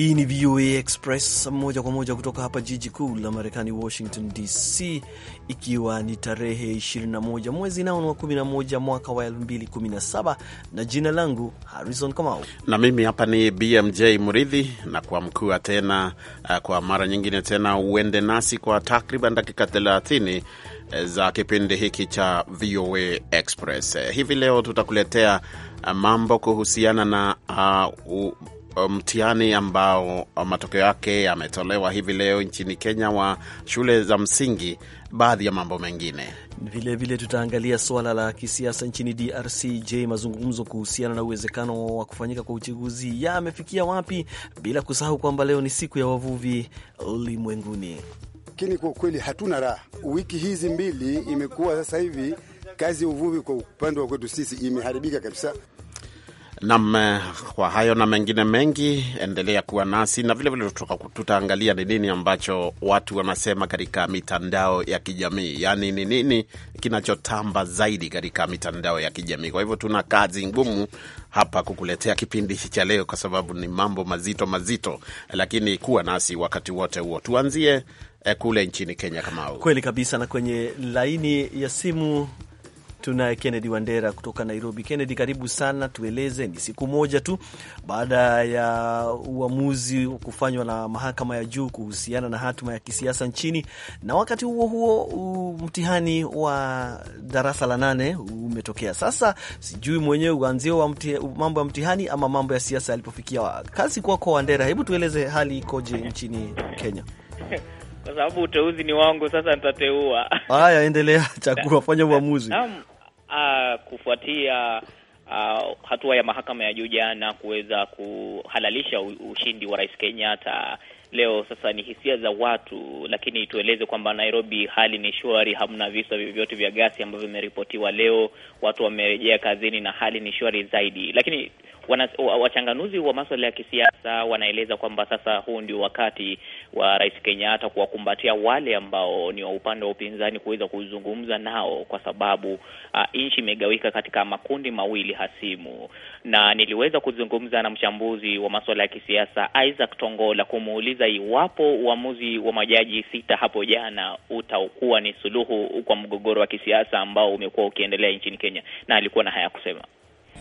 Hii ni VOA Express moja kwa moja kutoka hapa jiji kuu la Marekani, Washington DC, ikiwa ni tarehe 21 mwezi nao wa 11 mwaka wa 2017 na jina langu Harrison Kamau na mimi hapa ni BMJ mridhi na kwa mkua tena eh, kwa mara nyingine tena, uende nasi kwa takriban dakika 30 eh, za kipindi hiki cha VOA Express. Hivi leo tutakuletea eh, mambo kuhusiana na uh, u mtihani ambao uh, matokeo yake yametolewa hivi leo nchini Kenya wa shule za msingi, baadhi ya mambo mengine vilevile tutaangalia suala la kisiasa nchini DRC. Je, mazungumzo kuhusiana na uwezekano wa kufanyika kwa uchaguzi yamefikia wapi? Bila kusahau kwamba leo ni siku ya wavuvi ulimwenguni. Lakini kwa kweli hatuna raha, wiki hizi mbili imekuwa sasa hivi kazi ya uvuvi kwa upande wa kwetu sisi imeharibika kabisa. Nam, kwa hayo na mengine mengi, endelea kuwa nasi na vilevile tutaangalia ni nini ambacho watu wanasema katika mitandao ya kijamii, yaani ni nini kinachotamba zaidi katika mitandao ya kijamii. Kwa hivyo tuna kazi ngumu hapa kukuletea kipindi cha leo, kwa sababu ni mambo mazito mazito, lakini kuwa nasi wakati wote huo. Tuanzie eh, kule nchini Kenya. Kama kweli kabisa, na kwenye laini ya simu tunaye Kennedy Wandera kutoka Nairobi. Kennedy, karibu sana, tueleze. Ni siku moja tu baada ya uamuzi kufanywa na mahakama ya juu kuhusiana na hatima ya kisiasa nchini, na wakati huo huo mtihani wa darasa la nane umetokea. Sasa sijui mwenyewe uanzie mambo ya mtihani ama mambo ya siasa yalipofikia. Kazi kwako Wandera, hebu tueleze hali ikoje nchini Kenya? Kwa sababu uteuzi ni wangu, sasa nitateua. Haya, endelea, chagua, fanya uamuzi. Naam, uh, kufuatia uh, hatua ya mahakama ya juu jana kuweza kuhalalisha ushindi wa Rais Kenyatta leo. Sasa ni hisia za watu, lakini tueleze kwamba Nairobi hali ni shwari, hamna visa vyovyote vya gasi ambavyo vimeripotiwa leo. Watu wamerejea kazini na hali ni shwari zaidi, lakini wachanganuzi wa masuala ya kisiasa wanaeleza kwamba sasa huu ndio wakati wa Rais Kenyatta kuwakumbatia wale ambao ni wa upande wa upinzani kuweza kuzungumza nao, kwa sababu uh, nchi imegawika katika makundi mawili hasimu. Na niliweza kuzungumza na mchambuzi wa masuala ya kisiasa Isaac Tongola kumuuliza iwapo uamuzi wa majaji sita hapo jana utakuwa ni suluhu kwa mgogoro wa kisiasa ambao umekuwa ukiendelea nchini Kenya, na alikuwa na haya kusema.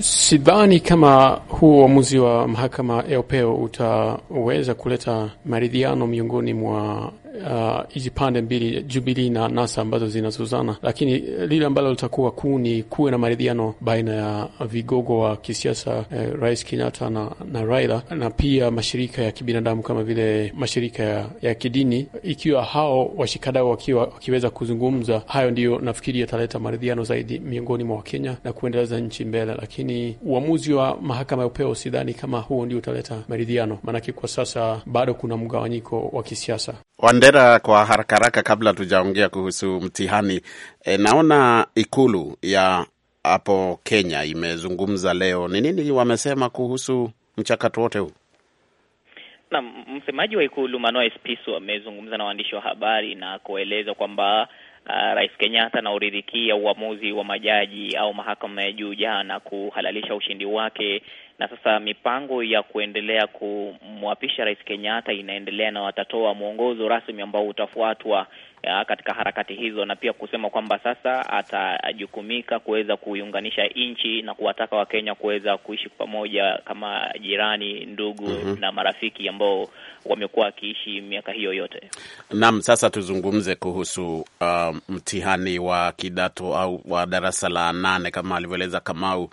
Sidhani kama huu uamuzi wa mahakama ya upeo utaweza kuleta maridhiano miongoni mwa Uh, hizi uh, pande mbili jubilii na NASA ambazo zinazuzana, lakini eh, lile ambalo litakuwa kuu ni kuwe na maridhiano baina ya vigogo wa kisiasa eh, Rais Kenyatta na, na Raila na pia mashirika ya kibinadamu kama vile mashirika ya, ya kidini. Ikiwa hao washikadau wakiwa wakiweza kuzungumza, hayo ndiyo nafikiri yataleta maridhiano zaidi miongoni mwa Wakenya na kuendeleza nchi mbele, lakini uamuzi wa mahakama ya upeo sidhani kama huo ndio utaleta maridhiano, maanake kwa sasa bado kuna mgawanyiko wa kisiasa. Wandera, kwa haraka haraka, kabla tujaongea kuhusu mtihani e, naona ikulu ya hapo Kenya imezungumza leo. Ni nini wamesema kuhusu mchakato wote huu? Na msemaji wa ikulu Manoah Esipisu amezungumza na waandishi wa habari na kueleza kwamba uh, Rais Kenyatta anaoridhikia uamuzi wa majaji au mahakama ya juu jana kuhalalisha ushindi wake na sasa mipango ya kuendelea kumwapisha Rais Kenyatta inaendelea na watatoa mwongozo rasmi ambao utafuatwa katika harakati hizo, na pia kusema kwamba sasa atajukumika kuweza kuiunganisha nchi na kuwataka Wakenya kuweza kuishi pamoja kama jirani, ndugu mm -hmm. na marafiki ambao wamekuwa wakiishi miaka hiyo yote. Naam, sasa tuzungumze kuhusu uh, mtihani wa kidato au wa darasa la nane kama alivyoeleza Kamau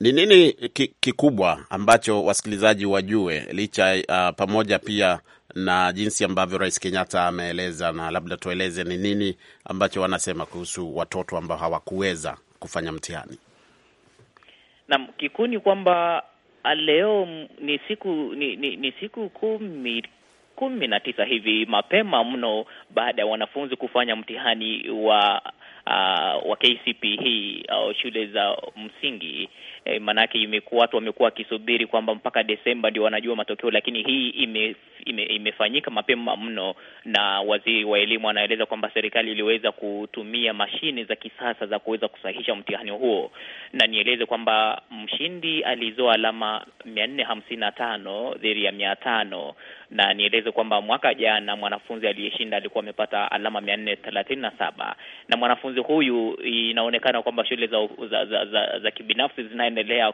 ni nini kikubwa ambacho wasikilizaji wajue, licha uh, pamoja pia na jinsi ambavyo Rais Kenyatta ameeleza, na labda tueleze ni nini ambacho wanasema kuhusu watoto ambao hawakuweza kufanya mtihani? Naam, kikuu ni kwamba ah, leo ni siku ni, ni, ni siku kumi kumi na tisa hivi mapema mno baada ya wanafunzi kufanya mtihani wa uh, wa KCPE au shule za msingi eh, maanake imekuwa watu wamekuwa wakisubiri kwamba mpaka Desemba ndio wanajua matokeo, lakini hii ime, ime, imefanyika mapema mno, na waziri wa elimu anaeleza kwamba serikali iliweza kutumia mashine za kisasa za kuweza kusahihisha mtihani huo, na nieleze kwamba mshindi alizoa alama mia nne hamsini na tano dhidi ya mia tano na nieleze kwamba mwaka jana mwanafunzi aliyeshinda alikuwa amepata alama mia nne thelathini na saba na mwanafunzi huyu inaonekana kwamba shule za, za, za, za, za kibinafsi zina zinaendelea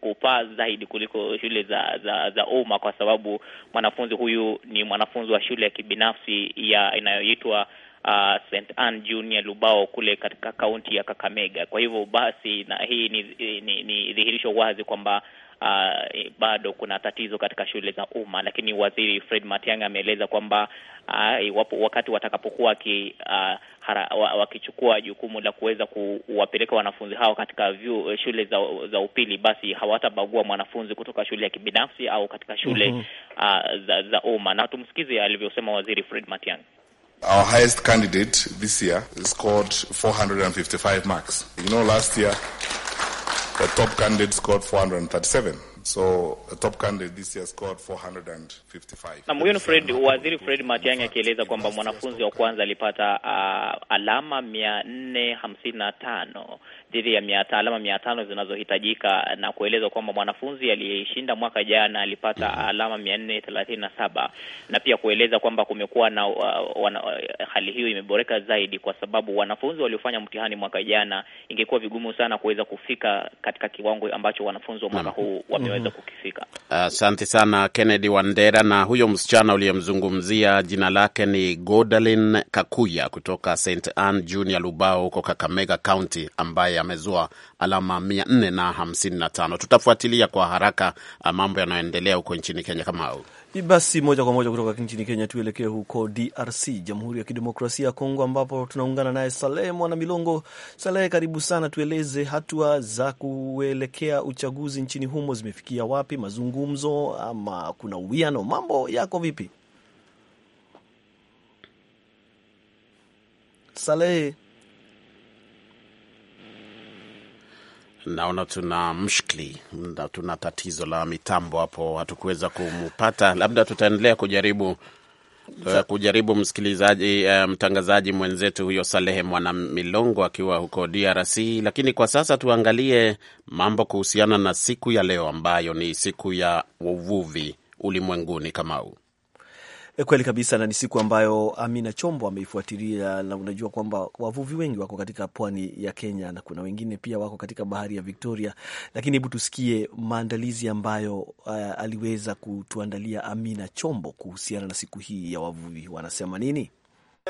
kupaa zaidi kuliko shule za za, za umma, kwa sababu mwanafunzi huyu ni mwanafunzi wa shule ya kibinafsi ya inayoitwa Uh, St. Anne Junior Lubao kule katika kaunti ya Kakamega. Kwa hivyo basi, na hii ni, ni, ni, ni dhihirisho wazi kwamba uh, bado kuna tatizo katika shule za umma, lakini waziri Fred Matiang'i ameeleza kwamba uh, wakati watakapokuwa waki, uh, wakichukua jukumu la kuweza kuwapeleka wanafunzi hao katika vyu, shule za, za upili, basi hawatabagua mwanafunzi kutoka shule ya kibinafsi au katika shule mm -hmm. uh, za, za umma, na tumsikize alivyosema waziri Fred Matiang'i. Our highest candidate this year scored 455 marks. You know last year The top candidate scored 437. So, the top candidate this year scored 455. Na huyo ni Fred, Waziri Fred Matiang'i akieleza kwamba mwanafunzi wa kwanza alipata uh, alama 455 dhidi ya mia alama mia tano zinazohitajika na kueleza kwamba mwanafunzi aliyeshinda mwaka jana alipata mhm. alama mia nne thelathini na saba na pia kueleza kwamba kumekuwa na uh, wana, uh, hali hiyo imeboreka zaidi kwa sababu wanafunzi waliofanya mtihani mwaka jana ingekuwa vigumu sana kuweza kufika katika kiwango ambacho wanafunzi wa mwaka mhm. huu wameweza mhm. kukifika. Asante uh, sana Kennedy Wandera. Na huyo msichana uliyemzungumzia jina lake ni Godalin Kakuya kutoka St Anne Junior Lubao huko Kakamega County ambaye amezua alama mia nne na hamsini na tano. Tutafuatilia kwa haraka uh, mambo yanayoendelea huko nchini Kenya kama au basi moja kwa moja kutoka nchini Kenya tuelekee huko DRC, Jamhuri ya Kidemokrasia ya Kongo, ambapo tunaungana naye Salehe Mwana Milongo. Salehe, karibu sana, tueleze hatua za kuelekea uchaguzi nchini humo zimefikia wapi? Mazungumzo ama kuna uwiano, mambo yako vipi Salehe? Naona tuna mshkli na tuna tatizo la mitambo hapo, hatukuweza kumpata. Labda tutaendelea kujaribu eh, kujaribu msikilizaji, eh, mtangazaji mwenzetu huyo Salehe Mwana Milongo akiwa huko DRC. Lakini kwa sasa tuangalie mambo kuhusiana na siku ya leo ambayo ni siku ya uvuvi ulimwenguni. Kamau Eh, kweli kabisa, na ni siku ambayo Amina Chombo ameifuatilia, na unajua kwamba wavuvi wengi wako katika pwani ya Kenya na kuna wengine pia wako katika bahari ya Victoria, lakini hebu tusikie maandalizi ambayo uh, aliweza kutuandalia Amina Chombo kuhusiana na siku hii ya wavuvi. Wanasema nini?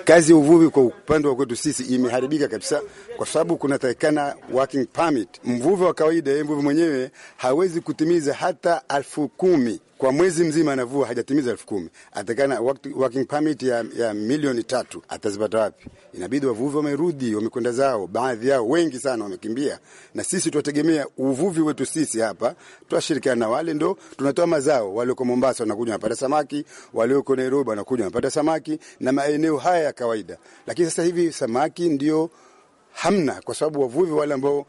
Kazi ya uvuvi kwa upande wa kwetu sisi imeharibika kabisa, kwa sababu kunatakikana working permit. Mvuvi wa kawaida, mvuvi mwenyewe hawezi kutimiza hata elfu kumi kwa mwezi mzima anavua hajatimiza elfu kumi atakana working permit ya, ya milioni tatu atazipata wapi? Inabidi wavuvi wamerudi, wamekwenda zao, baadhi yao wengi sana wamekimbia, na sisi tuwategemea uvuvi wetu sisi hapa, twashirikiana na wale ndo tunatoa mazao. Walioko Mombasa wanakuja wanapata samaki, walioko Nairobi wanakuja wanapata samaki na maeneo haya ya kawaida, lakini sasa hivi samaki ndio hamna, kwa sababu wavuvi wale ambao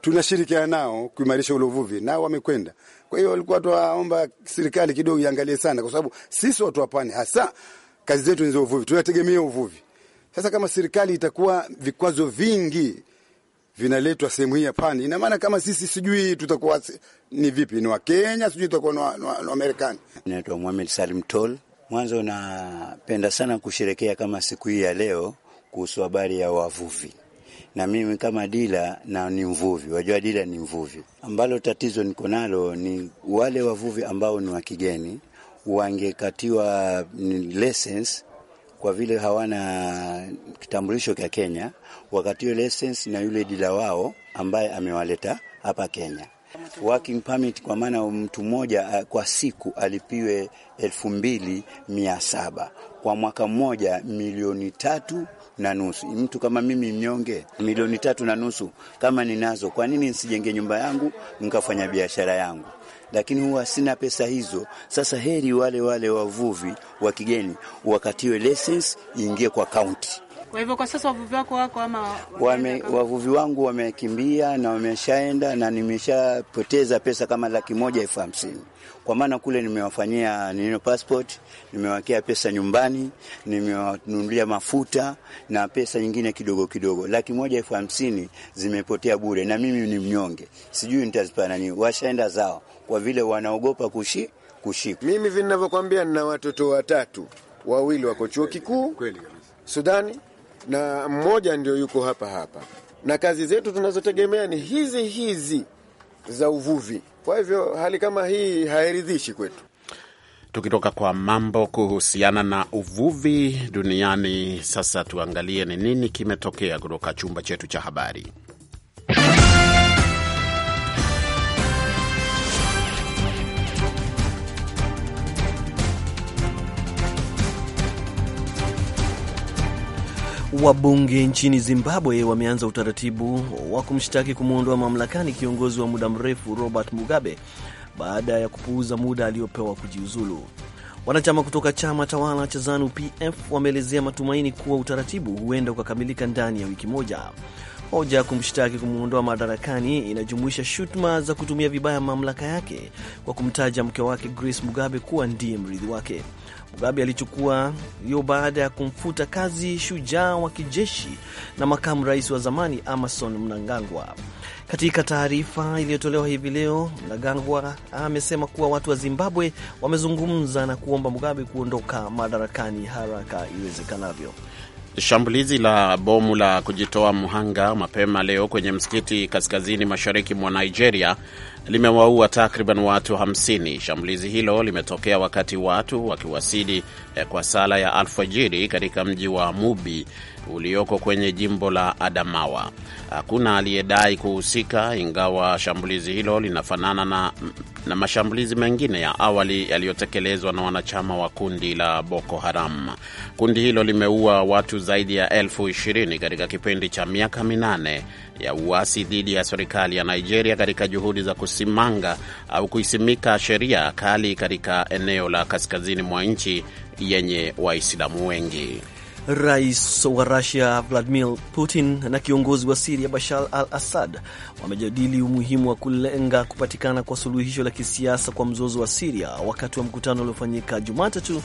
tunashirikiana nao kuimarisha ule uvuvi nao wamekwenda kwa hiyo walikuwa tuwaomba serikali kidogo iangalie sana, kwa sababu sisi watu wa pwani hasa kazi zetu ni za uvuvi, tunategemea uvuvi. Sasa kama serikali itakuwa vikwazo vingi vinaletwa sehemu hii ya pwani, ina maana kama sisi sijui tutakuwa ni vipi, ni Wakenya sijui tutakuwa ni Wamarekani. Naitwa Muhamed Salim Tol. Mwanzo napenda sana kusherekea kama siku hii ya leo kuhusu habari ya wavuvi na mimi kama dila na ni mvuvi, wajua dila ni mvuvi. Ambalo tatizo niko nalo ni wale wavuvi ambao ni wa kigeni wangekatiwa lesens kwa vile hawana kitambulisho cha Kenya, wakatiwe lesens na yule dila wao ambaye amewaleta hapa Kenya. Working permit kwa maana mtu mmoja kwa siku alipiwe elfu mbili mia saba kwa mwaka mmoja milioni tatu na nusu. Mtu kama mimi mnyonge, milioni tatu na nusu kama ninazo, kwa nini nisijenge nyumba yangu nikafanya biashara yangu? Lakini huwa sina pesa hizo. Sasa heri wale wale wavuvi wa kigeni wakatiwe leseni, ingie kwa kaunti kwa hivyo kwa sasa wavuvi wako wako ama wame, wavuvi wangu wamekimbia na wameshaenda na nimeshapoteza pesa kama laki moja elfu hamsini kwa maana kule nimewafanyia nino passport, nimewakea pesa nyumbani, nimewanunulia mafuta na pesa nyingine kidogo kidogo. Laki moja elfu hamsini zimepotea bure, na mimi ni mnyonge, sijui nitazipa nani. Washaenda zao kwa vile wanaogopa kushi kushika. Mimi vinavyokwambia, nina watoto watatu, wawili wako chuo kikuu Sudani na mmoja ndio yuko hapa hapa, na kazi zetu tunazotegemea ni hizi hizi za uvuvi. Kwa hivyo hali kama hii hairidhishi kwetu. Tukitoka kwa mambo kuhusiana na uvuvi duniani, sasa tuangalie ni nini kimetokea kutoka chumba chetu cha habari. Wabunge nchini Zimbabwe wameanza utaratibu wa kumshtaki kumwondoa mamlakani kiongozi wa muda mrefu Robert Mugabe baada ya kupuuza muda aliyopewa kujiuzulu. Wanachama kutoka chama tawala cha ZANU PF wameelezea matumaini kuwa utaratibu huenda ukakamilika ndani ya wiki moja. Hoja ya kumshtaki kumwondoa madarakani inajumuisha shutuma za kutumia vibaya mamlaka yake kwa kumtaja mke wake Grace Mugabe kuwa ndiye mrithi wake. Mugabe alichukua hiyo baada ya kumfuta kazi shujaa wa kijeshi na makamu rais wa zamani Emmerson Mnangagwa. Katika taarifa iliyotolewa hivi leo, Mnangagwa amesema kuwa watu wa Zimbabwe wamezungumza na kuomba Mugabe kuondoka madarakani haraka iwezekanavyo. Shambulizi la bomu la kujitoa mhanga mapema leo kwenye msikiti kaskazini mashariki mwa Nigeria limewaua takriban watu 50. Shambulizi hilo limetokea wakati watu wakiwasili eh, kwa sala ya alfajiri katika mji wa Mubi ulioko kwenye jimbo la Adamawa. Hakuna aliyedai kuhusika, ingawa shambulizi hilo linafanana na, na mashambulizi mengine ya awali yaliyotekelezwa na wanachama wa kundi la Boko Haram. Kundi hilo limeua watu zaidi ya elfu ishirini katika kipindi cha miaka minane ya uasi dhidi ya serikali ya Nigeria katika juhudi za kusimanga au kuisimika sheria kali katika eneo la kaskazini mwa nchi yenye Waislamu wengi. Rais wa Rusia Vladimir Putin na kiongozi wa Siria Bashar al Assad wamejadili umuhimu wa kulenga kupatikana kwa suluhisho la kisiasa kwa mzozo wa Siria wakati wa mkutano uliofanyika Jumatatu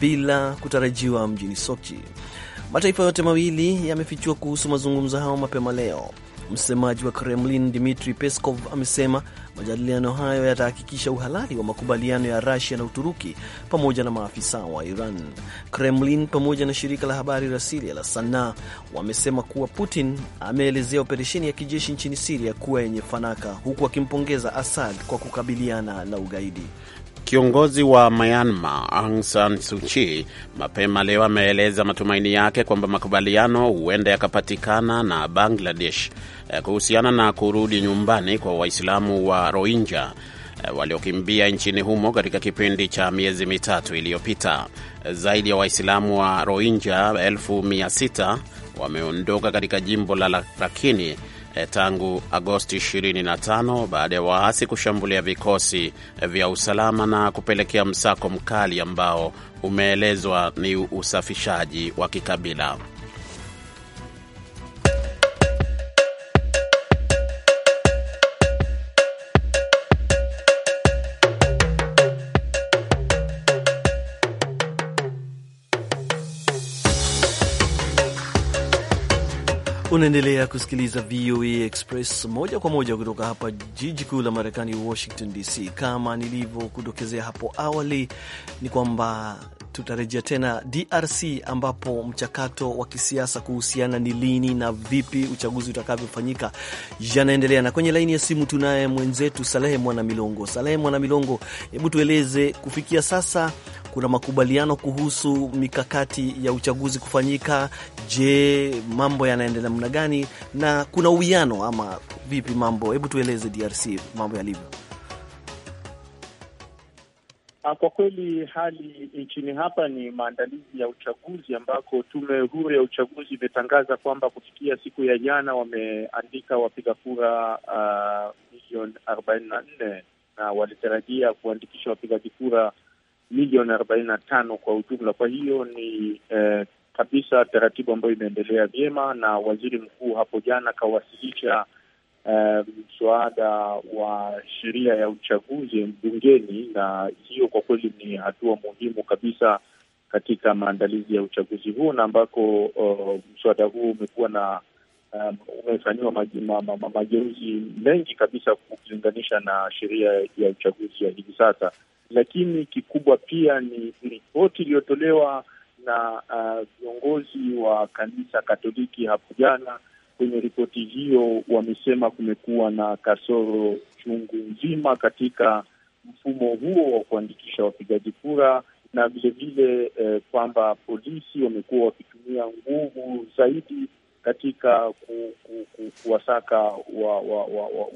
bila kutarajiwa mjini Sochi. Mataifa yote mawili yamefichua kuhusu mazungumzo hayo mapema leo. Msemaji wa Kremlin Dmitri Peskov amesema majadiliano hayo yatahakikisha uhalali wa makubaliano ya Rusia na Uturuki pamoja na maafisa wa Iran. Kremlin pamoja na shirika la habari la Siria la Sanaa wamesema kuwa Putin ameelezea operesheni ya kijeshi nchini Siria kuwa yenye fanaka, huku akimpongeza Assad kwa kukabiliana na ugaidi. Kiongozi wa Myanmar Aung San Suu Kyi mapema leo ameeleza matumaini yake kwamba makubaliano huenda yakapatikana na Bangladesh eh, kuhusiana na kurudi nyumbani kwa Waislamu wa Rohingya eh, waliokimbia nchini humo katika kipindi cha miezi mitatu iliyopita. Zaidi ya Waislamu wa Rohingya elfu mia sita wameondoka katika jimbo la Rakhine Eh, tangu Agosti 25 baada ya waasi kushambulia vikosi vya usalama na kupelekea msako mkali ambao umeelezwa ni usafishaji wa kikabila. Unaendelea kusikiliza VOA Express moja kwa moja kutoka hapa jiji kuu la Marekani, Washington DC. Kama nilivyokudokezea hapo awali, ni kwamba tutarejea tena DRC ambapo mchakato wa kisiasa kuhusiana ni lini na vipi uchaguzi utakavyofanyika yanaendelea, na kwenye laini ya simu tunaye mwenzetu Salehe mwanamilongo Salehe Mwana Milongo, hebu tueleze kufikia sasa kuna makubaliano kuhusu mikakati ya uchaguzi kufanyika. Je, mambo yanaendelea namna gani na kuna uwiano ama vipi mambo? Hebu tueleze DRC mambo yalivyo. Ah, kwa kweli hali nchini hapa ni maandalizi ya uchaguzi ambako tume huru ya uchaguzi imetangaza kwamba kufikia siku ya jana wameandika wapiga kura ah, milioni arobaini na nne na walitarajia kuandikisha wapigaji kura milioni arobaini na tano kwa ujumla. Kwa hiyo ni eh, kabisa taratibu ambayo imeendelea vyema, na waziri mkuu hapo jana akawasilisha eh, mswada wa sheria ya uchaguzi bungeni, na hiyo kwa kweli ni hatua muhimu kabisa katika maandalizi ya uchaguzi huo na ambako uh, mswada huo umekuwa na um, umefanyiwa mageuzi mengi kabisa ukilinganisha na sheria ya uchaguzi ya hivi sasa lakini kikubwa pia ni ripoti iliyotolewa na uh, viongozi uh, wa kanisa Katoliki hapo jana. Kwenye ripoti hiyo wamesema kumekuwa na kasoro chungu nzima katika mfumo huo wa kuandikisha wapigaji kura na vilevile eh, kwamba eh, polisi wamekuwa wakitumia nguvu zaidi katika ku, ku, ku, kuwasaka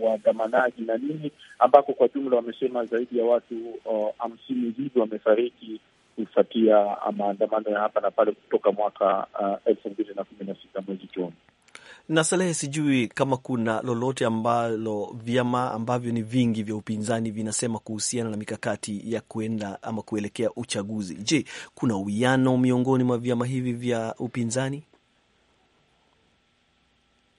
waandamanaji wa, wa, wa, wa na nini, ambako kwa jumla wamesema zaidi ya watu hamsini uh, hivi wamefariki kufuatia maandamano ya hapa na pale kutoka mwaka elfu mbili na kumi na sita mwezi Juni na Salehe, sijui kama kuna lolote ambalo vyama ambavyo ni vingi vya upinzani vinasema kuhusiana na mikakati ya kuenda ama kuelekea uchaguzi. Je, kuna uwiano miongoni mwa vyama hivi vya upinzani?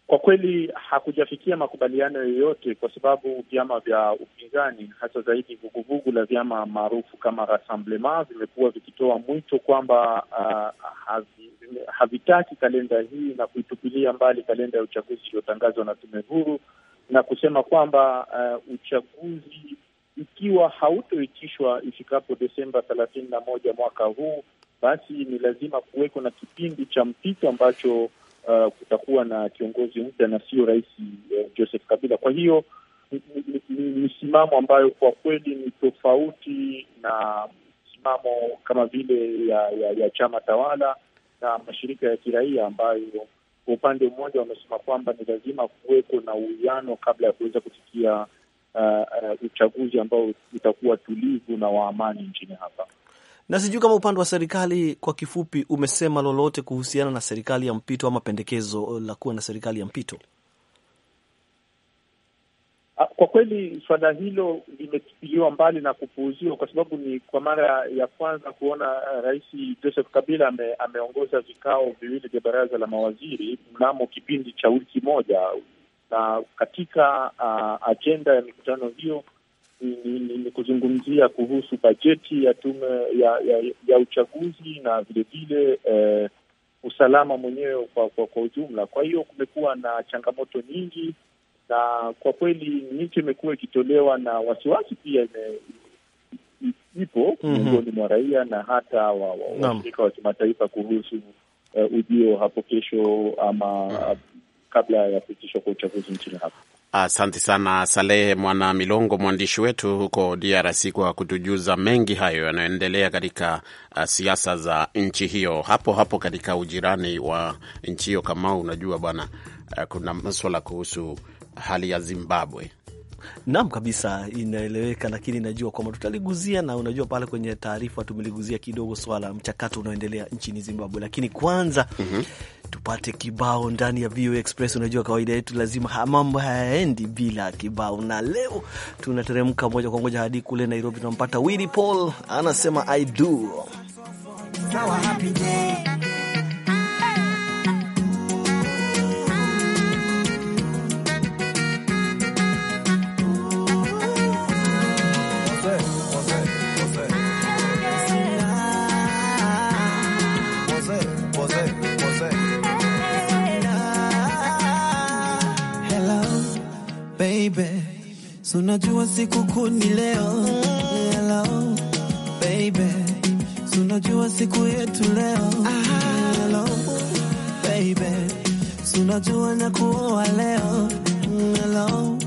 Kwa kweli hakujafikia makubaliano yoyote, kwa sababu vyama vya upinzani hasa zaidi vuguvugu la vyama maarufu kama Rassemblement vimekuwa vikitoa mwito kwamba uh, havitaki kalenda hii na kuitupilia mbali kalenda ya uchaguzi iliyotangazwa na tume huru na kusema kwamba uh, uchaguzi ikiwa hautoitishwa ifikapo Desemba thelathini na moja mwaka huu, basi ni lazima kuweko na kipindi cha mpito ambacho uh, kutakuwa na kiongozi mpya na sio rais uh, Joseph Kabila. Kwa hiyo ni misimamo ambayo kwa kweli ni tofauti na msimamo kama vile ya, ya, ya chama tawala na mashirika ya kiraia ambayo kwa upande mmoja wamesema kwamba ni lazima kuweko na uwiano kabla ya kuweza kufikia uh, uh, uchaguzi ambao utakuwa tulivu na wa amani nchini hapa. Na sijui kama upande wa serikali kwa kifupi umesema lolote kuhusiana na serikali ya mpito ama pendekezo uh, la kuwa na serikali ya mpito. Ah, kwa kweli suala hilo limetupiliwa mbali na kupuuziwa, kwa sababu ni kwa mara ya kwanza kuona uh, Rais Joseph Kabila ame, ameongoza vikao viwili vya baraza la mawaziri mnamo kipindi cha wiki moja, na katika uh, ajenda ya mikutano hiyo ni, ni, ni, ni kuzungumzia kuhusu bajeti ya tume ya, ya, ya uchaguzi na vilevile eh, usalama mwenyewe kwa, kwa, kwa ujumla. Kwa hiyo kumekuwa na changamoto nyingi, na kwa kweli miche imekuwa ikitolewa na wasiwasi pia ime, ipo mhm. miongoni mm -hmm. mwa raia na hata washirika wa, wa kimataifa kuhusu uh, ujio hapo kesho ama mm -hmm. kabla ya kuitishwa kwa uchaguzi nchini hapa. Asante sana Salehe Mwana Milongo, mwandishi wetu huko DRC, kwa kutujuza mengi hayo yanayoendelea katika uh, siasa za nchi hiyo. Hapo hapo katika ujirani wa nchi hiyo, kama unajua bwana, uh, kuna maswala kuhusu hali ya Zimbabwe Naam, kabisa inaeleweka, lakini najua kwamba tutaliguzia, na unajua pale kwenye taarifa tumeliguzia kidogo swala mchakato unaoendelea nchini Zimbabwe, lakini kwanza mm -hmm. tupate kibao ndani ya VOA Express. Unajua kawaida yetu lazima mambo hayaendi bila kibao, na leo tunateremka moja kwa moja hadi kule Nairobi, tunampata Willy Paul anasema I do Sunajua siku kuni leo hello, baby. Sunajua siku yetu leo hello, baby. Sunajua na kuoa leo hello,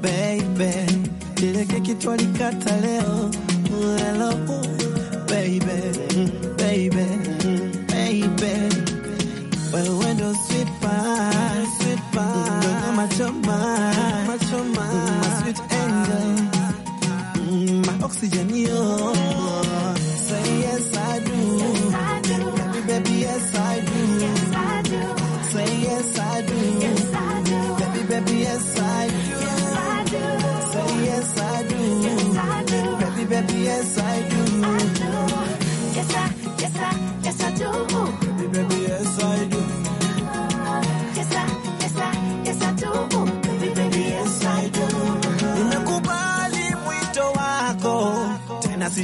baby. Kile keki twalikata leo hello baby.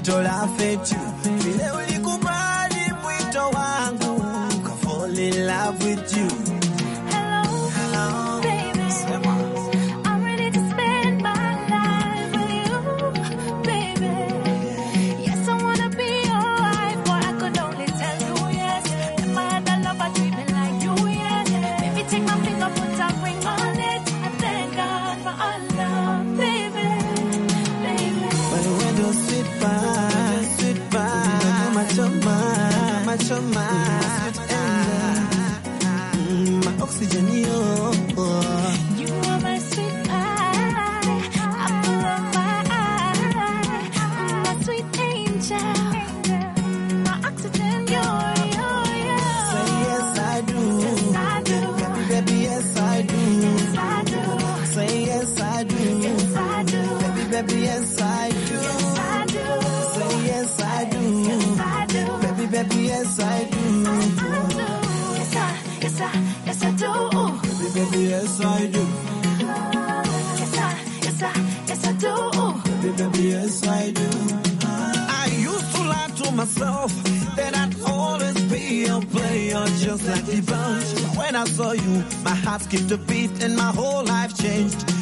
idole fait tu oxygen hiyo for you. My heart skipped a beat and my whole life changed.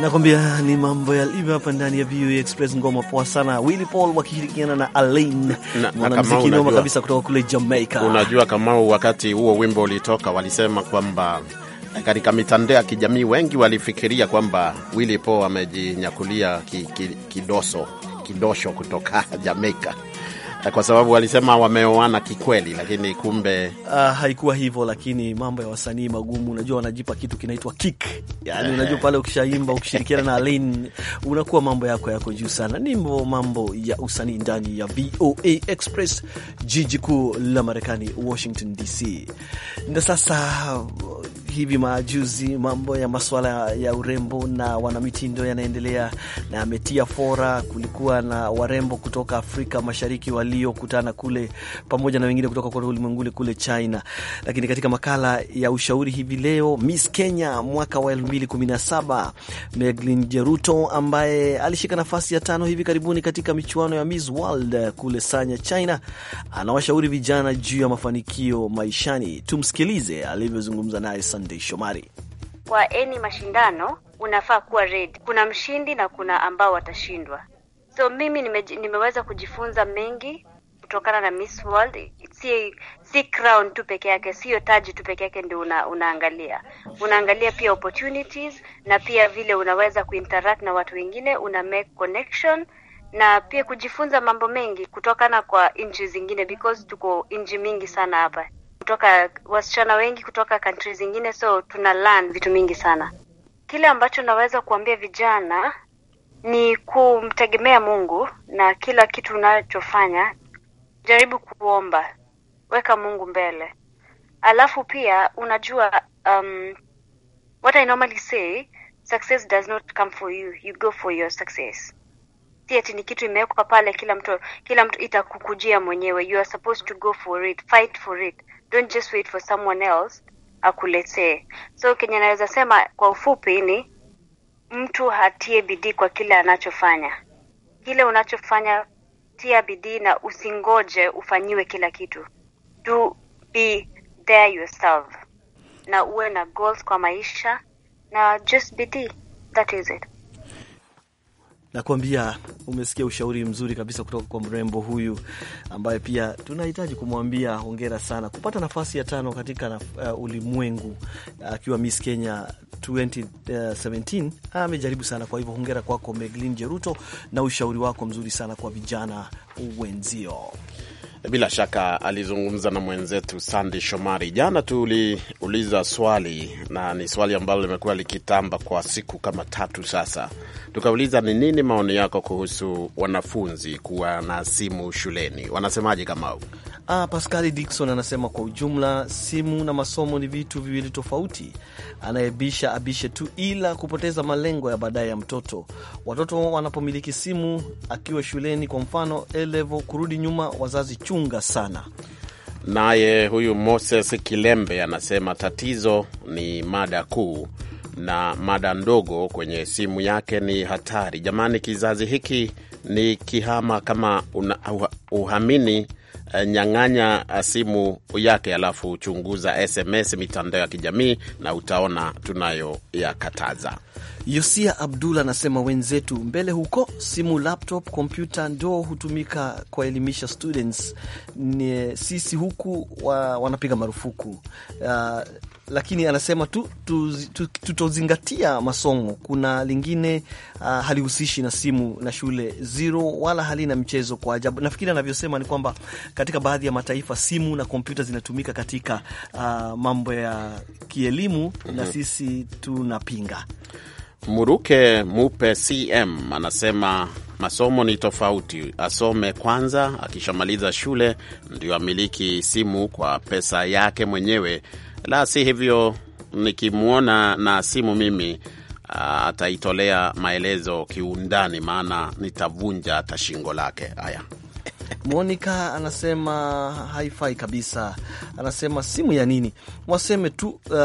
Nakwambia ni mambo yalivyo hapa ndani ya VOA Express. Ngoma poa sana, Willy Paul wakishirikiana na Alain, mwanamuziki noma kabisa kutoka kule Jamaica. Unajua kama wakati huo wimbo ulitoka, walisema kwamba katika mitandao ya kijamii wengi walifikiria kwamba Willy Paul amejinyakulia ki, ki, kidosho kutoka Jamaica kwa sababu walisema wameoana kikweli, lakini kumbe uh, haikuwa hivyo. Lakini mambo ya wasanii magumu, unajua wanajipa kitu kinaitwa kick, yani unajua pale ukishaimba ukishirikiana na Alain unakuwa mambo yako yako juu sana. Nimbo mambo ya usanii ndani ya VOA Express, jiji kuu la Marekani, Washington DC. Na sasa hivi majuzi, mambo ya masuala ya urembo na wanamitindo yanaendelea na ametia fora. Kulikuwa na warembo kutoka Afrika Mashariki waliokutana kule pamoja na wengine kutoka kote ulimwenguni kule China. Lakini katika makala ya ushauri hivi leo, Miss Kenya mwaka wa 2017 Meglin Jeruto ambaye alishika nafasi ya tano hivi karibuni katika michuano ya Miss World kule Sanya, China, anawashauri vijana juu ya mafanikio maishani. Tumsikilize alivyozungumza naye Sandra. Sandey Shomari. Kwa eni mashindano unafaa kuwa ready. Kuna mshindi na kuna ambao watashindwa. So mimi nime, nimeweza kujifunza mengi kutokana na Miss World. Si, si crown tu peke yake, siyo taji tu peke yake ndio una, unaangalia. Unaangalia pia opportunities na pia vile unaweza kuinteract na watu wengine, una make connection na pia kujifunza mambo mengi kutokana kwa nchi zingine because tuko nchi mingi sana hapa kutoka wasichana wengi kutoka kantri zingine, so tuna learn vitu mingi sana. Kile ambacho naweza kuambia vijana ni kumtegemea Mungu na kila kitu unachofanya, jaribu kuomba, weka Mungu mbele. Alafu pia unajua, um, what I normally say success does not come for you, you go for your success. Si ati ni kitu imewekwa pale, kila mtu kila mtu itakukujia mwenyewe. You are supposed to go for it, fight for it don't just wait for someone else akuletee. So kenye naweza sema kwa ufupi ni mtu hatie bidii kwa kile anachofanya. Kile unachofanya tia bidii na usingoje ufanyiwe kila kitu. Do be there yourself, na uwe na goals kwa maisha na just bidii, that is it. Nakuambia, umesikia ushauri mzuri kabisa kutoka kwa mrembo huyu ambaye pia tunahitaji kumwambia hongera sana kupata nafasi ya tano katika uh, ulimwengu uh, akiwa uh, Miss Kenya 2017 uh, amejaribu sana. Kwa hivyo hongera kwako Meglin Jeruto na ushauri wako mzuri sana kwa vijana wenzio. Bila shaka alizungumza na mwenzetu Sandi Shomari. Jana tuliuliza swali na ni swali ambalo limekuwa likitamba kwa siku kama tatu sasa. Tukauliza, ni nini maoni yako kuhusu wanafunzi kuwa na simu shuleni? Wanasemaje? Kamau Ah, Pascali Dikson anasema kwa ujumla, simu na masomo ni vitu viwili tofauti. Anayebisha abishe tu, ila kupoteza malengo ya baadaye ya mtoto. Watoto wanapomiliki simu akiwa shuleni, kwa mfano elevo, kurudi nyuma, wazazi chunga sana. Naye huyu Moses Kilembe anasema tatizo ni mada kuu na mada ndogo kwenye simu yake ni hatari. Jamani, kizazi hiki ni kihama kama una, uh, uhamini Eh, nyang'anya eh, simu yake, alafu chunguza SMS, mitandao ya kijamii, na utaona tunayoyakataza. Yosia Abdul anasema wenzetu mbele huko, simu, laptop, kompyuta ndo hutumika kuwaelimisha students, ni sisi huku wa, wanapiga marufuku uh, lakini anasema tu, tu, tu, tutozingatia masomo. Kuna lingine uh, halihusishi na simu na shule zero, wala halina mchezo kwa ajabu. Nafikiri anavyosema ni kwamba katika baadhi ya mataifa simu na kompyuta zinatumika katika uh, mambo ya kielimu mm -hmm. na mhm. sisi tunapinga. Muruke Mupe CM anasema masomo ni tofauti, asome kwanza, akishamaliza shule ndio amiliki simu kwa pesa yake mwenyewe la si hivyo, nikimwona na simu mimi ataitolea maelezo kiundani, maana nitavunja hata shingo lake. Haya. Monica anasema haifai kabisa, anasema simu ya nini? Waseme tu uh,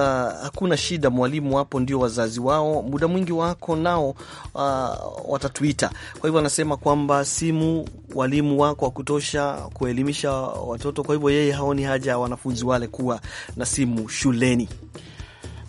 hakuna shida mwalimu, wapo ndio wazazi wao, muda mwingi wako nao uh, watatuita. Kwa hivyo anasema kwamba simu, walimu wako wa kutosha kuelimisha watoto, kwa hivyo yeye haoni haja ya wanafunzi wale kuwa na simu shuleni.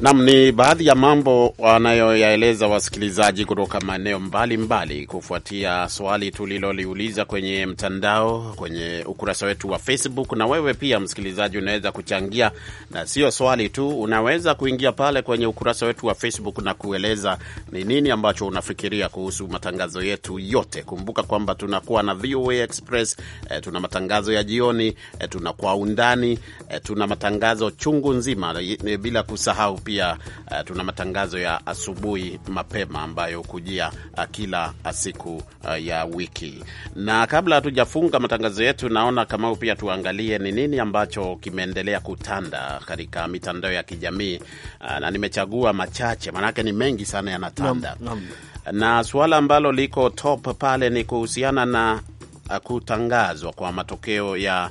Nam ni baadhi ya mambo wanayoyaeleza wasikilizaji kutoka maeneo mbalimbali kufuatia swali tuliloliuliza kwenye mtandao kwenye ukurasa wetu wa Facebook. Na wewe pia msikilizaji, unaweza kuchangia, na sio swali tu, unaweza kuingia pale kwenye ukurasa wetu wa Facebook na kueleza ni nini ambacho unafikiria kuhusu matangazo yetu yote. Kumbuka kwamba tunakuwa na VOA Express eh, tuna matangazo ya jioni eh, tuna kwa undani eh, tuna matangazo chungu nzima eh, bila kusahau pia uh, tuna matangazo ya asubuhi mapema ambayo hukujia uh, kila eh, siku uh, ya wiki. Na kabla hatujafunga matangazo yetu, naona Kamau, pia tuangalie ni nini ambacho kimeendelea kutanda katika mitandao ya kijamii uh, na nimechagua machache, maanake ni mengi sana yanatanda Na suala ambalo liko top pale ni kuhusiana na kutangazwa kwa matokeo ya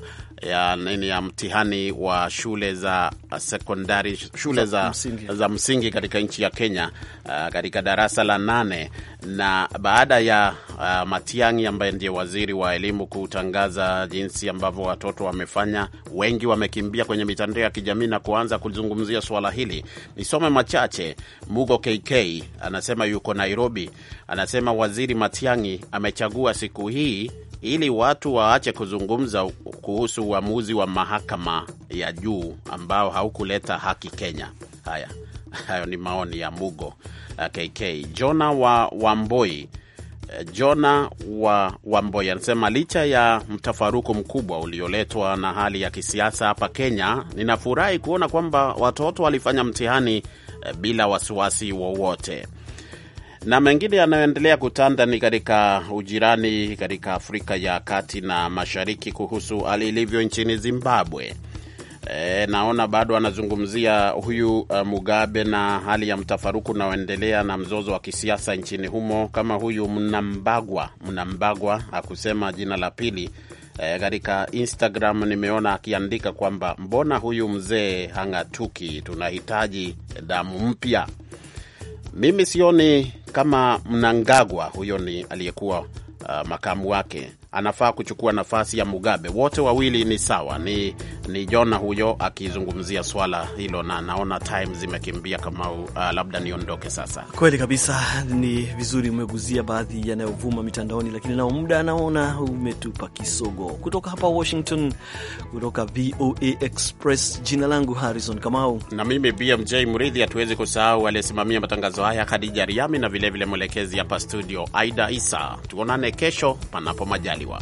ya nini ya mtihani wa shule za sekondari, shule za msingi, za msingi katika nchi ya Kenya uh, katika darasa la nane, na baada ya uh, Matiang'i ambaye ndiye waziri wa elimu kutangaza jinsi ambavyo watoto wamefanya, wengi wamekimbia kwenye mitandao ya kijamii na kuanza kuzungumzia swala hili. Nisome machache. Mugo KK anasema yuko Nairobi, anasema Waziri Matiang'i amechagua siku hii ili watu waache kuzungumza kuhusu uamuzi wa mahakama ya juu ambao haukuleta haki Kenya. Haya, hayo ni maoni ya Mugo KK uh, Jona wa Wamboi. Uh, Jona wa Wamboi anasema licha ya mtafaruku mkubwa ulioletwa na hali ya kisiasa hapa Kenya, ninafurahi kuona kwamba watoto walifanya mtihani uh, bila wasiwasi wowote wa na mengine yanayoendelea kutanda ni katika ujirani, katika Afrika ya kati na mashariki, kuhusu hali ilivyo nchini Zimbabwe. E, naona bado anazungumzia huyu uh, Mugabe na hali ya mtafaruku unaoendelea na mzozo wa kisiasa nchini humo, kama huyu Mnambagwa, Mnambagwa akusema jina la pili e, katika e, Instagram nimeona akiandika kwamba mbona huyu mzee hang'atuki, tunahitaji damu mpya. Mimi sioni kama Mnangagwa, huyo ni aliyekuwa uh, makamu wake anafaa kuchukua nafasi ya Mugabe. Wote wawili ni sawa. Ni, ni Jona huyo akizungumzia swala hilo, na naona time zimekimbia kama uh, ah, labda niondoke sasa. Kweli kabisa, ni vizuri umeguzia baadhi yanayovuma mitandaoni, lakini nao muda anaona umetupa kisogo. Kutoka hapa Washington, kutoka VOA Express, jina langu Harrison Kamau na mimi BMJ Mridhi. Hatuwezi kusahau aliyesimamia matangazo haya Khadija Riami, na vilevile mwelekezi hapa studio Aida Isa. Tuonane kesho panapo majali. Kaliwa.